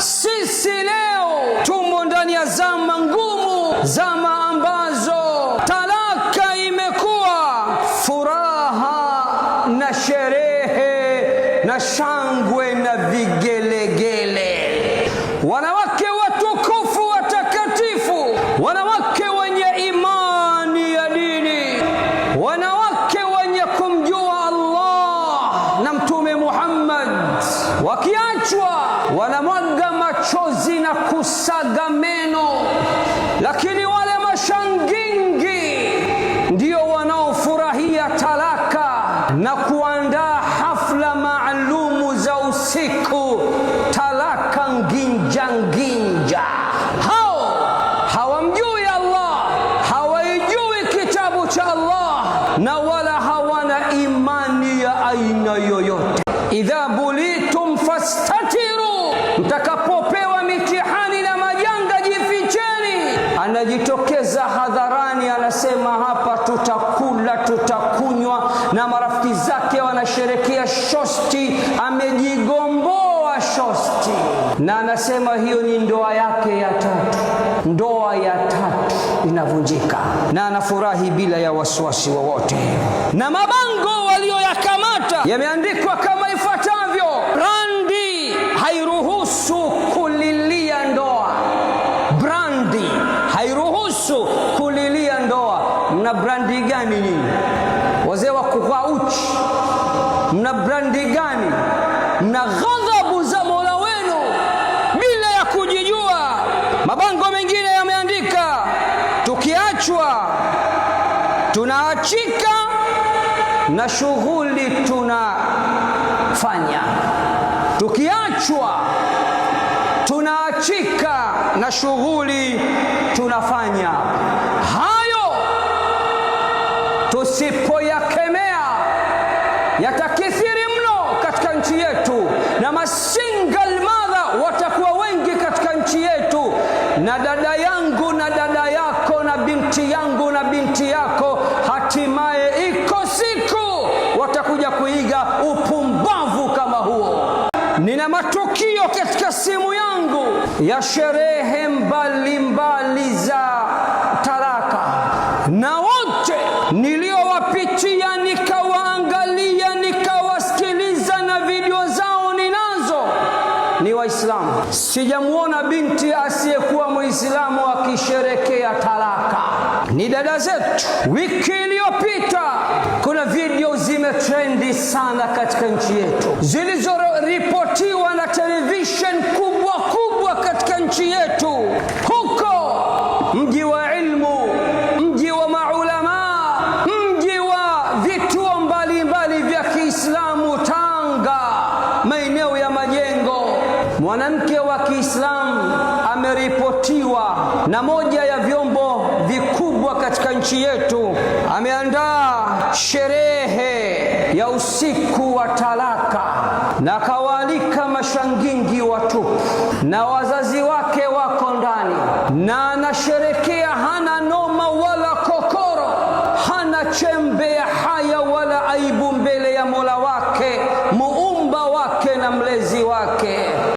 Sisi leo tumo ndani ya zama ngumu, zama ambazo talaka imekuwa furaha na sherehe na shangwe na vigelegele. Wanawake watukufu watakatifu, wanawake wenye imani ya dini, wanawake wenye kumjua Allah na Mtume Muhammad, wakiachwa wanamwaga machozi na kusaga meno, lakini wale mashangingi ndio wanaofurahia talaka na kuandaa hafla maalumu za usiku, talaka nginja nginja. Hao hawamjui Allah, hawaijui kitabu cha Allah na wala hawana imani ya aina yoyote. idha buli anajitokeza hadharani, anasema hapa tutakula, tutakunywa, na marafiki zake wanasherekea shosti, amejigomboa shosti, na anasema hiyo ni ndoa yake ya tatu. Ndoa ya tatu inavunjika, na anafurahi bila ya wasiwasi wowote, na mabango waliyoyakamata yameandikwa kama brandi gani nyinyi? Wazee wa kuvaa uchi, mna brandi gani? Mna ghadhabu za Mola wenu bila ya kujijua. Mabango mengine yameandika, tukiachwa tunaachika na shughuli tunafanya, tukiachwa tunaachika na shughuli tunafanya tusipoyakemea yatakithiri mno katika nchi yetu, na masingal madha watakuwa wengi katika nchi yetu. Na dada yangu na dada yako na binti yangu na binti yako, hatimaye iko siku watakuja kuiga upumbavu kama huo. Nina matukio katika simu yangu ya sherehe mbalimbali za talaka na wote nilio Muislamu. Sijamwona binti asiyekuwa Muislamu akisherekea talaka. Ni dada zetu. Wiki iliyopita kuna video zimetrendi sana katika nchi yetu zilizoripotiwa na television kubwa kubwa katika nchi yetu, huko mji wa mwanamke wa Kiislamu ameripotiwa na moja ya vyombo vikubwa katika nchi yetu, ameandaa sherehe ya usiku wa talaka na akawaalika mashangingi watupu na wazazi wake wako ndani, na anasherekea, hana noma wala kokoro, hana chembe ya haya wala aibu mbele ya Mola wake muumba wake na mlezi wake.